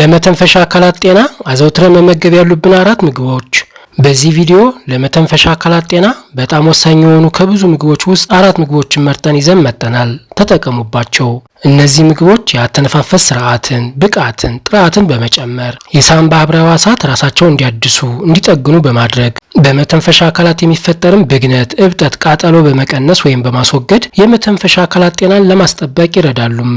ለመተንፈሻ አካላት ጤና አዘውትረን መመገብ ያሉብን አራት ምግቦች። በዚህ ቪዲዮ ለመተንፈሻ አካላት ጤና በጣም ወሳኝ የሆኑ ከብዙ ምግቦች ውስጥ አራት ምግቦችን መርጠን ይዘን መጠናል። ተጠቀሙባቸው። እነዚህ ምግቦች የአተነፋፈስ ስርዓትን፣ ብቃትን፣ ጥራትን በመጨመር የሳንባ ህብረ ሕዋሳት ራሳቸውን እንዲያድሱ እንዲጠግኑ በማድረግ በመተንፈሻ አካላት የሚፈጠርም ብግነት፣ እብጠት፣ ቃጠሎ በመቀነስ ወይም በማስወገድ የመተንፈሻ አካላት ጤናን ለማስጠበቅ ይረዳሉም።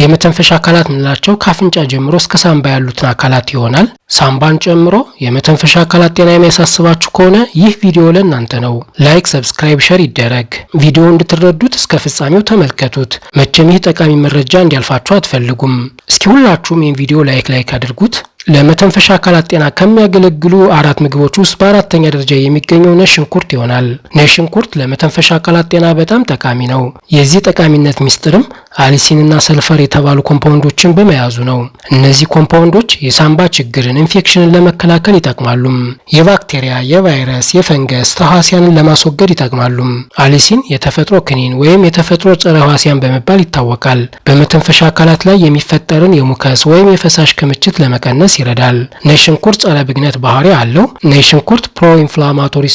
የመተንፈሻ አካላት ምንላቸው ከአፍንጫ ጀምሮ እስከ ሳምባ ያሉትን አካላት ይሆናል። ሳምባን ጨምሮ የመተንፈሻ አካላት ጤና የሚያሳስባችሁ ከሆነ ይህ ቪዲዮ ለእናንተ ነው። ላይክ፣ ሰብስክራይብ፣ ሸር ይደረግ። ቪዲዮ እንድትረዱት እስከ ፍጻሜው ተመልከቱት። መቼም ይህ ጠቃሚ መረጃ እንዲያልፋችሁ አትፈልጉም። እስኪ ሁላችሁም ይህን ቪዲዮ ላይክ ላይክ አድርጉት። ለመተንፈሻ አካላት ጤና ከሚያገለግሉ አራት ምግቦች ውስጥ በአራተኛ ደረጃ የሚገኘው ነጭ ሽንኩርት ይሆናል። ነጭ ሽንኩርት ለመተንፈሻ አካላት ጤና በጣም ጠቃሚ ነው። የዚህ ጠቃሚነት ሚስጥርም አሊሲንና ሰልፈር የተባሉ ኮምፓውንዶችን በመያዙ ነው። እነዚህ ኮምፓውንዶች የሳምባ ችግርን፣ ኢንፌክሽንን ለመከላከል ይጠቅማሉም። የባክቴሪያ፣ የቫይረስ፣ የፈንገስ ተህዋሲያንን ለማስወገድ ይጠቅማሉም። አሊሲን የተፈጥሮ ክኒን ወይም የተፈጥሮ ጸረ ህዋሲያን በመባል ይታወቃል። በመተንፈሻ አካላት ላይ የሚፈጠርን የሙከስ ወይም የፈሳሽ ክምችት ለመቀነስ ይረዳል። ነጭ ሽንኩርት ጸረ ብግነት ባህሪ አለው። ነጭ ሽንኩርት ፕሮ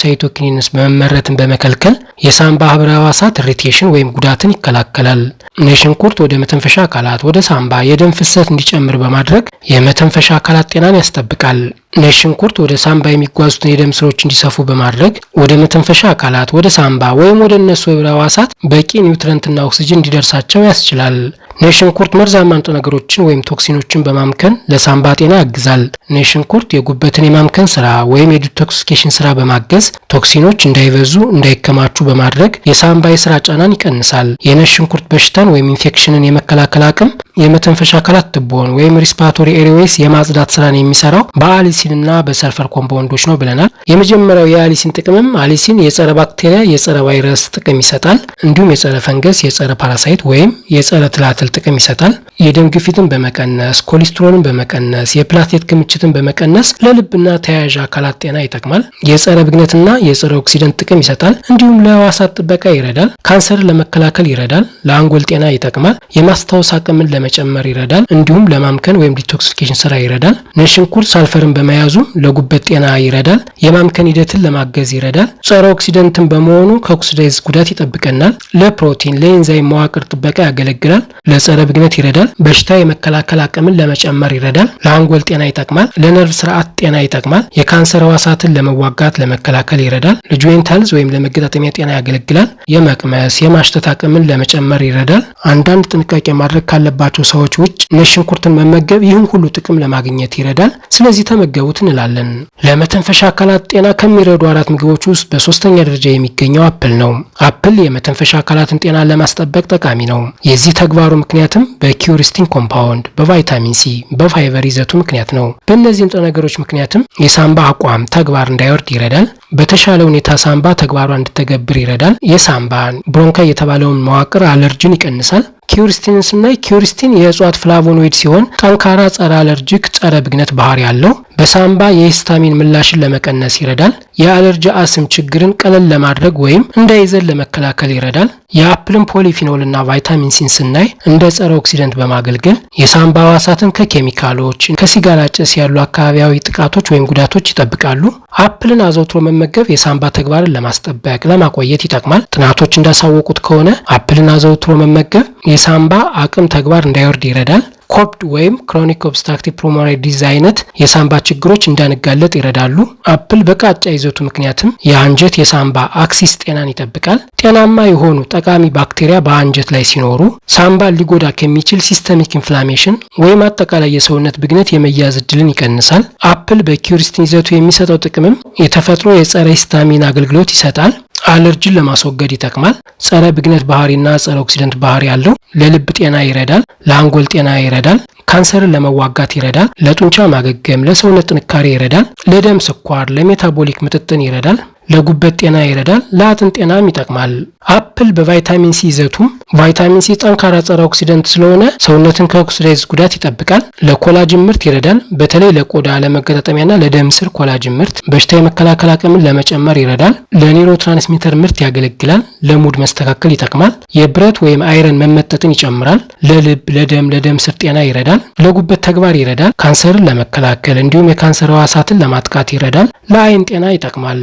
ሳይቶኪኒንስ መመረትን በመከልከል የሳንባ ህብረ ህዋሳት ሪቴሽን ወይም ጉዳትን ይከላከላል። ነጭ ሽንኩርት ወደ መተንፈሻ አካላት፣ ወደ ሳንባ የደም ፍሰት እንዲጨምር በማድረግ የመተንፈሻ አካላት ጤናን ያስጠብቃል። ነጭ ሽንኩርት ወደ ሳምባ የሚጓዙትን የደም ስሮች እንዲሰፉ በማድረግ ወደ መተንፈሻ አካላት፣ ወደ ሳምባ ወይም ወደ እነሱ የብር ህዋሳት በቂ ኒውትረንትና ኦክሲጅን እንዲደርሳቸው ያስችላል። ነጭ ሽንኩርት መርዛማ ንጥረ ነገሮችን ወይም ቶክሲኖችን በማምከን ለሳምባ ጤና ያግዛል። ነጭ ሽንኩርት የጉበትን የማምከን ስራ ወይም የዲቶክሲኬሽን ስራ በማገዝ ቶክሲኖች እንዳይበዙ፣ እንዳይከማቹ በማድረግ የሳምባ የስራ ጫናን ይቀንሳል። የነጭ ሽንኩርት በሽታን ወይም ኢንፌክሽንን የመከላከል አቅም የመተንፈሻ አካላት ትቦን ወይም ሪስፓቶሪ ኤሪዌይስ የማጽዳት ስራን የሚሰራው በአሊሲ በአሊሲንና በሰልፈር ኮምፓውንዶች ነው ብለናል። የመጀመሪያው የአሊሲን ጥቅምም አሊሲን የጸረ ባክቴሪያ፣ የጸረ ቫይረስ ጥቅም ይሰጣል። እንዲሁም የጸረ ፈንገስ፣ የጸረ ፓራሳይት ወይም የጸረ ትላትል ጥቅም ይሰጣል። የደም ግፊትን በመቀነስ ኮሌስትሮልን በመቀነስ የፕላቴት ክምችትን በመቀነስ ለልብና ተያያዥ አካላት ጤና ይጠቅማል። የጸረ ብግነትና የጸረ ኦክሲደንት ጥቅም ይሰጣል። እንዲሁም ለህዋሳት ጥበቃ ይረዳል። ካንሰርን ለመከላከል ይረዳል። ለአንጎል ጤና ይጠቅማል። የማስታወስ አቅምን ለመጨመር ይረዳል። እንዲሁም ለማምከን ወይም ዲቶክሲፊኬሽን ስራ ይረዳል። ነጭ ሽንኩርት ሳልፈርን በመ መያዙም ለጉበት ጤና ይረዳል። የማምከን ሂደትን ለማገዝ ይረዳል። ጸረ ኦክሲደንትን በመሆኑ ከኦክሲዳይዝ ጉዳት ይጠብቀናል። ለፕሮቲን ለኤንዛይም መዋቅር ጥበቃ ያገለግላል። ለጸረ ብግነት ይረዳል። በሽታ የመከላከል አቅምን ለመጨመር ይረዳል። ለአንጎል ጤና ይጠቅማል። ለነርቭ ስርዓት ጤና ይጠቅማል። የካንሰር ህዋሳትን ለመዋጋት ለመከላከል ይረዳል። ለጆይንት ወይም ለመገጣጠሚያ ጤና ያገለግላል። የመቅመስ የማሽተት አቅምን ለመጨመር ይረዳል። አንዳንድ ጥንቃቄ ማድረግ ካለባቸው ሰዎች ውጭ ነጭ ሽንኩርትን መመገብ ይህን ሁሉ ጥቅም ለማግኘት ይረዳል። ስለዚህ ተመገቡ። ይለውጥ እንላለን። ለመተንፈሻ አካላት ጤና ከሚረዱ አራት ምግቦች ውስጥ በሶስተኛ ደረጃ የሚገኘው አፕል ነው። አፕል የመተንፈሻ አካላትን ጤና ለማስጠበቅ ጠቃሚ ነው። የዚህ ተግባሩ ምክንያትም በኪውሪስቲን ኮምፓውንድ፣ በቫይታሚን ሲ፣ በፋይበር ይዘቱ ምክንያት ነው። በእነዚህ ንጥረ ነገሮች ምክንያትም የሳምባ አቋም ተግባር እንዳይወርድ ይረዳል። በተሻለ ሁኔታ ሳምባ ተግባሯ እንድተገብር ይረዳል። የሳምባን ብሮንካ የተባለውን መዋቅር አለርጅን ይቀንሳል። ኪውሪስቲንን ስናይ ኪውሪስቲን የእጽዋት ፍላቮኖይድ ሲሆን ጠንካራ ጸረ አለርጂክ፣ ጸረ ብግነት ባህሪ ያለው በሳምባ የሂስታሚን ምላሽን ለመቀነስ ይረዳል። የአለርጂ አስም ችግርን ቀለል ለማድረግ ወይም እንዳይዘን ለመከላከል ይረዳል። የአፕልን ፖሊፊኖልና ቫይታሚን ሲን ስናይ እንደ ጸረ ኦክሲደንት በማገልገል የሳምባ ህዋሳትን ከኬሚካሎች፣ ከሲጋራ ጭስ ያሉ አካባቢያዊ ጥቃቶች ወይም ጉዳቶች ይጠብቃሉ። አፕልን አዘውትሮ መመገብ የሳምባ ተግባርን ለማስጠበቅ ለማቆየት ይጠቅማል። ጥናቶች እንዳሳወቁት ከሆነ አፕልን አዘውትሮ መመገብ የሳምባ አቅም ተግባር እንዳይወርድ ይረዳል። ኮፕድ ወይም ክሮኒክ ኦብስትራክቲቭ ፕሮማሪ ዲዝ አይነት የሳንባ ችግሮች እንዳንጋለጥ ይረዳሉ። አፕል በቃጫ ይዘቱ ምክንያትም የአንጀት የሳንባ አክሲስ ጤናን ይጠብቃል። ጤናማ የሆኑ ጠቃሚ ባክቴሪያ በአንጀት ላይ ሲኖሩ ሳንባ ሊጎዳ ከሚችል ሲስተሚክ ኢንፍላሜሽን ወይም አጠቃላይ የሰውነት ብግነት የመያዝ እድልን ይቀንሳል። አፕል በኪሪስቲን ይዘቱ የሚሰጠው ጥቅምም የተፈጥሮ የጸረ ሂስታሚን አገልግሎት ይሰጣል። አለርጂን ለማስወገድ ይጠቅማል። ጸረ ብግነት ባህሪና ጸረ ኦክሲደንት ባህሪ አለው። ለልብ ጤና ይረዳል። ለአንጎል ጤና ይረዳል። ካንሰርን ለመዋጋት ይረዳል። ለጡንቻ ማገገም፣ ለሰውነት ጥንካሬ ይረዳል። ለደም ስኳር፣ ለሜታቦሊክ ምጥጥን ይረዳል። ለጉበት ጤና ይረዳል፣ ለአጥንት ጤናም ይጠቅማል። አፕል በቫይታሚን ሲ ይዘቱም ቫይታሚን ሲ ጠንካራ ጸረ ኦክሲደንት ስለሆነ ሰውነትን ከኦክሲዳይዝ ጉዳት ይጠብቃል፣ ለኮላጅን ምርት ይረዳል። በተለይ ለቆዳ ለመገጣጠሚያና ለደም ስር ኮላጅን ምርት በሽታ የመከላከል አቅምን ለመጨመር ይረዳል፣ ለኒውሮ ትራንስሚተር ምርት ያገለግላል፣ ለሙድ መስተካከል ይጠቅማል፣ የብረት ወይም አይረን መመጠጥን ይጨምራል፣ ለልብ፣ ለደም፣ ለደም ስር ጤና ይረዳል፣ ለጉበት ተግባር ይረዳል፣ ካንሰርን ለመከላከል እንዲሁም የካንሰር ህዋሳትን ለማጥቃት ይረዳል፣ ለአይን ጤና ይጠቅማል።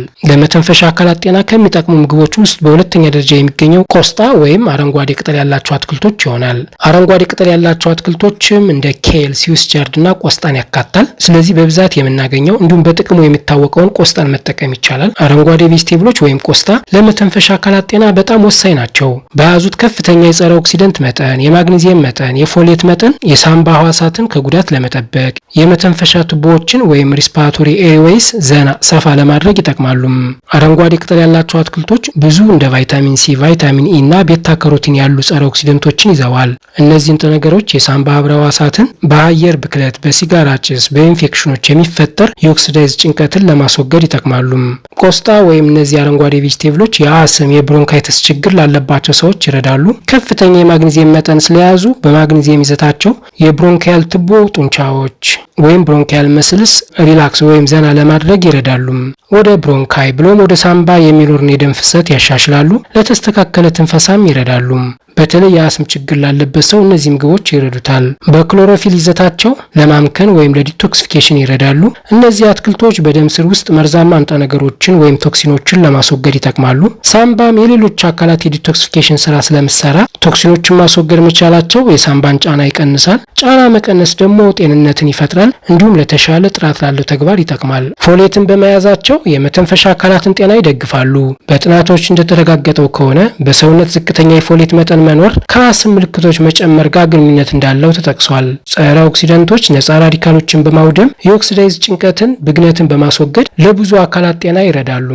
ለመተንፈሻ አካላት ጤና ከሚጠቅሙ ምግቦች ውስጥ በሁለተኛ ደረጃ የሚገኘው ቆስጣ ወይም አረንጓዴ ቅጠል ያላቸው አትክልቶች ይሆናል። አረንጓዴ ቅጠል ያላቸው አትክልቶችም እንደ ኬል፣ ስዊስ ቻርድ እና ቆስጣን ያካታል። ስለዚህ በብዛት የምናገኘው እንዲሁም በጥቅሙ የሚታወቀውን ቆስጣን መጠቀም ይቻላል። አረንጓዴ ቬጅቴብሎች ወይም ቆስጣ ለመተንፈሻ አካላት ጤና በጣም ወሳኝ ናቸው። በያዙት ከፍተኛ የጸረ ኦክሲደንት መጠን፣ የማግኔዚየም መጠን፣ የፎሌት መጠን የሳምባ ህዋሳትን ከጉዳት ለመጠበቅ የመተንፈሻ ቱቦዎችን ወይም ሪስፓራቶሪ ኤርዌይስ ዘና ሰፋ ለማድረግ ይጠቅማሉም። አረንጓዴ ቅጠል ያላቸው አትክልቶች ብዙ እንደ ቫይታሚን ሲ፣ ቫይታሚን ኢ e እና ቤታ ካሮቲን ያሉ ጸረ ኦክሲደንቶችን ይዘዋል። እነዚህ ንጥረ ነገሮች የሳምባ ህብረ ህዋሳትን በአየር ብክለት፣ በሲጋራ ጭስ፣ በኢንፌክሽኖች የሚፈጠር የኦክሲዳይዝ ጭንቀትን ለማስወገድ ይጠቅማሉ። ቆስጣ ወይም እነዚህ አረንጓዴ ቬጅቴብሎች የአስም የብሮንካይተስ ችግር ላለባቸው ሰዎች ይረዳሉ። ከፍተኛ የማግኔዚየም መጠን ስለያዙ በማግኔዚየም ይዘታቸው የብሮንካያል ትቦ ጡንቻዎች ወይም ብሮንኪያል መስልስ ሪላክስ ወይም ዘና ለማድረግ ይረዳሉ። ወደ ብሮንካይ ብሎም ወደ ሳምባ የሚኖርን የደም ፍሰት ያሻሽላሉ። ለተስተካከለ ትንፈሳም ይረዳሉ። በተለይ የአስም ችግር ላለበት ሰው እነዚህ ምግቦች ይረዱታል። በክሎሮፊል ይዘታቸው ለማምከን ወይም ለዲቶክሲፊኬሽን ይረዳሉ። እነዚህ አትክልቶች በደም ስር ውስጥ መርዛማ ንጥረ ነገሮችን ወይም ቶክሲኖችን ለማስወገድ ይጠቅማሉ። ሳምባም የሌሎች አካላት የዲቶክሲፊኬሽን ስራ ስለምሰራ ቶክሲኖችን ማስወገድ መቻላቸው የሳምባን ጫና ይቀንሳል። ጫና መቀነስ ደግሞ ጤንነትን ይፈጥራል። እንዲሁም ለተሻለ ጥራት ላለው ተግባር ይጠቅማል። ፎሌትን በመያዛቸው የመተንፈሻ አካላትን ጤና ይደግፋሉ። በጥናቶች እንደተረጋገጠው ከሆነ በሰውነት ዝቅተኛ የፎሌት መጠን መኖር ከራስ ምልክቶች መጨመር ጋር ግንኙነት እንዳለው ተጠቅሷል። ጸረ ኦክሲደንቶች ነጻ ራዲካሎችን በማውደም የኦክሲዳይዝ ጭንቀትን፣ ብግነትን በማስወገድ ለብዙ አካላት ጤና ይረዳሉ።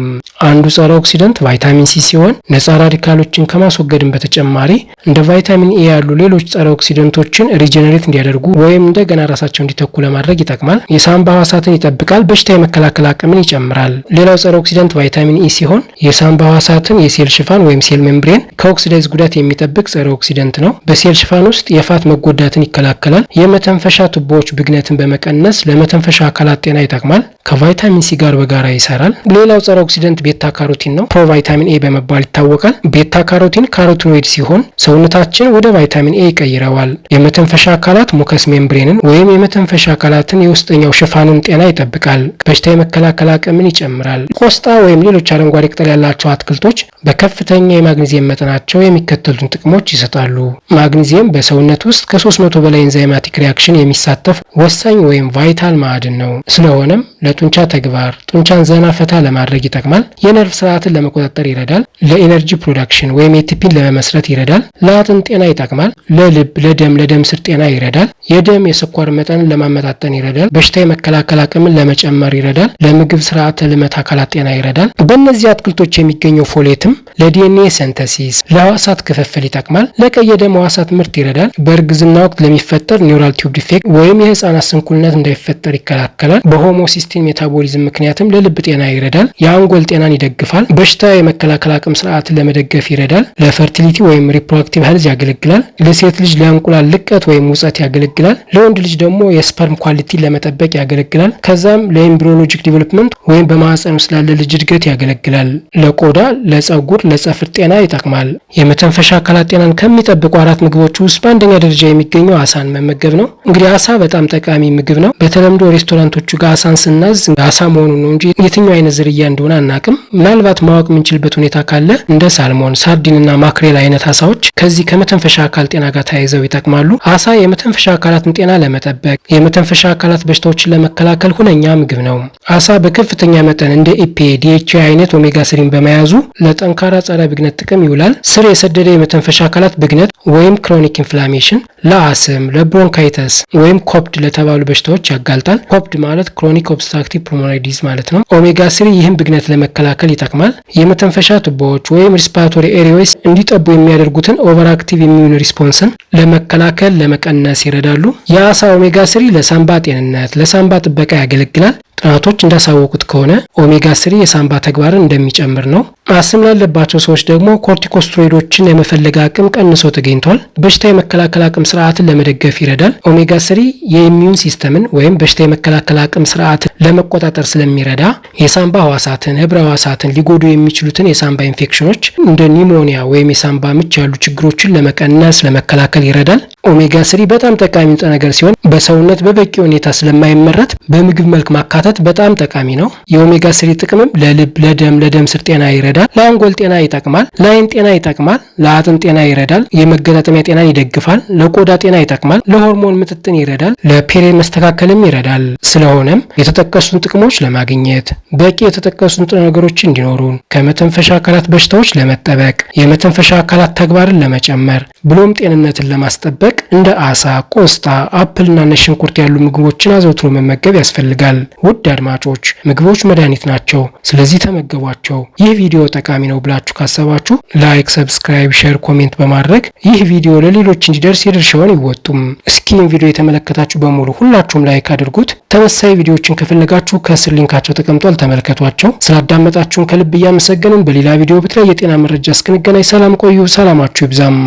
አንዱ ጸረ ኦክሲደንት ቫይታሚን ሲ ሲሆን ነጻ ራዲካሎችን ከማስወገድን በተጨማሪ እንደ ቫይታሚን ኤ ያሉ ሌሎች ጸረ ኦክሲደንቶችን ሪጀነሬት እንዲያደርጉ ወይም እንደገና ራሳቸው እንዲተኩ ለማድረግ ይጠቅማል። የሳምባ ህዋሳትን ይጠብቃል። በሽታ የመከላከል አቅምን ይጨምራል። ሌላው ጸረ ኦክሲደንት ቫይታሚን ኢ ሲሆን የሳምባ ህዋሳትን የሴል ሽፋን ወይም ሴል ሜምብሬን ከኦክሲዳይዝ ጉዳት የሚጠብቅ ጸረ ኦክሲደንት ነው። በሴል ሽፋን ውስጥ የፋት መጎዳትን ይከላከላል። የመተንፈሻ ቱቦዎች ብግነትን በመቀነስ ለመተንፈሻ አካላት ጤና ይጠቅማል። ከቫይታሚን ሲ ጋር በጋራ ይሰራል። ሌላው ጸረ ኦክሲደንት ቤታ ካሮቲን ነው። ፕሮቫይታሚን ኤ በመባል ይታወቃል። ቤታ ካሮቲን ካሮቲኖይድ ሲሆን ሰውነታችን ወደ ቫይታሚን ኤ ይቀይረዋል። የመተንፈሻ አካላት ሙከስ ሜምብሬንን ወይም የመተንፈሻ አካላትን የውስጠኛው ሽፋንን ጤና ይጠብቃል። በሽታ የመከላከል አቅምን ይጨምራል። ቆስጣ ወይም ሌሎች አረንጓዴ ቅጠል ያላቸው አትክልቶች በከፍተኛ የማግኒዚየም መጠናቸው የሚከተሉትን ጥቅሞች ይሰጣሉ። ማግኒዚየም በሰውነት ውስጥ ከ300 በላይ ኢንዛይማቲክ ሪያክሽን የሚሳተፍ ወሳኝ ወይም ቫይታል ማዕድን ነው። ስለሆነም የጡንቻ ተግባር ጡንቻን ዘና ፈታ ለማድረግ ይጠቅማል። የነርቭ ስርዓትን ለመቆጣጠር ይረዳል። ለኤነርጂ ፕሮዳክሽን ወይም ኤቲፒን ለመመስረት ይረዳል። ለአጥንት ጤና ይጠቅማል። ለልብ፣ ለደም፣ ለደም ስር ጤና ይረዳል። የደም የስኳር መጠንን ለማመጣጠን ይረዳል። በሽታ የመከላከል አቅምን ለመጨመር ይረዳል። ለምግብ ስርዓተ ልመት አካላት ጤና ይረዳል። በእነዚህ አትክልቶች የሚገኘው ፎሌትም ለዲኤንኤ ሰንተሲስ፣ ለህዋሳት ክፍፍል ይጠቅማል። ለቀይ የደም ህዋሳት ምርት ይረዳል። በእርግዝና ወቅት ለሚፈጠር ኒውራል ቲዩብ ዲፌክት ወይም የህፃናት ስንኩልነት እንዳይፈጠር ይከላከላል። በሆሞሲስቲን ሜታቦሊዝም ምክንያትም ለልብ ጤና ይረዳል፣ የአንጎል ጤናን ይደግፋል፣ በሽታ የመከላከል አቅም ስርዓትን ለመደገፍ ይረዳል፣ ለፈርቲሊቲ ወይም ሪፕሮዳክቲቭ ሄልዝ ያገለግላል፣ ለሴት ልጅ ለእንቁላል ልቀት ወይም ውጸት ያገለግላል፣ ለወንድ ልጅ ደግሞ የስፐርም ኳሊቲን ለመጠበቅ ያገለግላል። ከዛም ለኤምብሪዮሎጂክ ዲቨሎፕመንት ወይም በማህፀን ውስጥ ላለ ልጅ እድገት ያገለግላል። ለቆዳ፣ ለጸጉር፣ ለጸፍር ጤና ይጠቅማል። የመተንፈሻ አካላት ጤናን ከሚጠብቁ አራት ምግቦች ውስጥ በአንደኛ ደረጃ የሚገኘው አሳን መመገብ ነው። እንግዲህ አሳ በጣም ጠቃሚ ምግብ ነው። በተለምዶ ሬስቶራንቶቹ ጋር አሳን ስና ወንዝ አሳ መሆኑን ነው እንጂ የትኛው አይነት ዝርያ እንደሆነ አናቅም። ምናልባት ማወቅ የምንችልበት ሁኔታ ካለ እንደ ሳልሞን፣ ሳርዲን እና ማክሬል አይነት አሳዎች ከዚህ ከመተንፈሻ አካል ጤና ጋር ተያይዘው ይጠቅማሉ። አሳ የመተንፈሻ አካላትን ጤና ለመጠበቅ የመተንፈሻ አካላት በሽታዎችን ለመከላከል ሁነኛ ምግብ ነው። አሳ በከፍተኛ መጠን እንደ ኢፔ ዲኤች አይነት ኦሜጋ ስሪን በመያዙ ለጠንካራ ጸረ ብግነት ጥቅም ይውላል። ስር የሰደደ የመተንፈሻ አካላት ብግነት ወይም ክሮኒክ ኢንፍላሜሽን ለአስም፣ ለብሮንካይተስ ወይም ኮፕድ ለተባሉ በሽታዎች ያጋልጣል። ኮፕድ ማለት ክሮኒክ ኦብስትራክት ኦብስትራክቲቭ ፑልሞናሪ ዲዝ ማለት ነው። ኦሜጋ ስሪ ይህም ብግነት ለመከላከል ይጠቅማል። የመተንፈሻ ቱቦዎች ወይም ሪስፓቶሪ ኤሪዎስ እንዲጠቡ የሚያደርጉትን ኦቨር አክቲቭ የሚሆን ሪስፖንስን ለመከላከል ለመቀነስ ይረዳሉ። የአሳ ኦሜጋ ስሪ ለሳምባ ጤንነት፣ ለሳምባ ጥበቃ ያገለግላል። ጥናቶች እንዳሳወቁት ከሆነ ኦሜጋ ስሪ የሳምባ ተግባርን እንደሚጨምር ነው። አስም ላለባቸው ሰዎች ደግሞ ኮርቲኮስትሮይዶችን የመፈለግ አቅም ቀንሶ ተገኝቷል። በሽታ የመከላከል አቅም ስርዓትን ለመደገፍ ይረዳል። ኦሜጋ ስሪ የኢሚዩን ሲስተምን ወይም በሽታ የመከላከል አቅም ስርዓትን ለመቆጣጠር ስለሚረዳ የሳምባ ህዋሳትን፣ ህብረ ህዋሳትን ሊጎዱ የሚችሉትን የሳምባ ኢንፌክሽኖች እንደ ኒሞኒያ ወይም የሳምባ ምች ያሉ ችግሮችን ለመቀነስ ለመከላከል ይረዳል። ኦሜጋ ስሪ በጣም ጠቃሚ ንጥረ ነገር ሲሆን በሰውነት በበቂ ሁኔታ ስለማይመረት በምግብ መልክ ማካተት በጣም ጠቃሚ ነው። የኦሜጋ ስሪ ጥቅምም ለልብ፣ ለደም፣ ለደም ስር ጤና ይረዳል። ይረዳል። ለአንጎል ጤና ይጠቅማል። ለአይን ጤና ይጠቅማል። ለአጥን ጤና ይረዳል። የመገጣጠሚያ ጤናን ይደግፋል። ለቆዳ ጤና ይጠቅማል። ለሆርሞን ምጥጥን ይረዳል። ለፔሬድ መስተካከልም ይረዳል። ስለሆነም የተጠቀሱን ጥቅሞች ለማግኘት በቂ የተጠቀሱ ንጥረ ነገሮች እንዲኖሩን፣ ከመተንፈሻ አካላት በሽታዎች ለመጠበቅ፣ የመተንፈሻ አካላት ተግባርን ለመጨመር ብሎም ጤንነትን ለማስጠበቅ እንደ አሳ፣ ቆስጣ፣ አፕልና ነጭ ሽንኩርት ያሉ ምግቦችን አዘውትሮ መመገብ ያስፈልጋል። ውድ አድማጮች ምግቦች መድኃኒት ናቸው። ስለዚህ ተመገቧቸው። ይህ ቪዲዮ ቪዲዮ ጠቃሚ ነው ብላችሁ ካሰባችሁ ላይክ፣ ሰብስክራይብ፣ ሼር፣ ኮሜንት በማድረግ ይህ ቪዲዮ ለሌሎች እንዲደርስ የድርሻውን ይወጡም። እስኪን ቪዲዮ የተመለከታችሁ በሙሉ ሁላችሁም ላይክ አድርጉት። ተመሳሳይ ቪዲዮዎችን ከፈለጋችሁ ከስር ሊንካቸው ተቀምጧል፣ ተመልከቷቸው። ስላዳመጣችሁን ከልብ እያመሰገንን በሌላ ቪዲዮ ብትላይ የጤና መረጃ እስክንገናኝ ሰላም ቆዩ። ሰላማችሁ ይብዛም።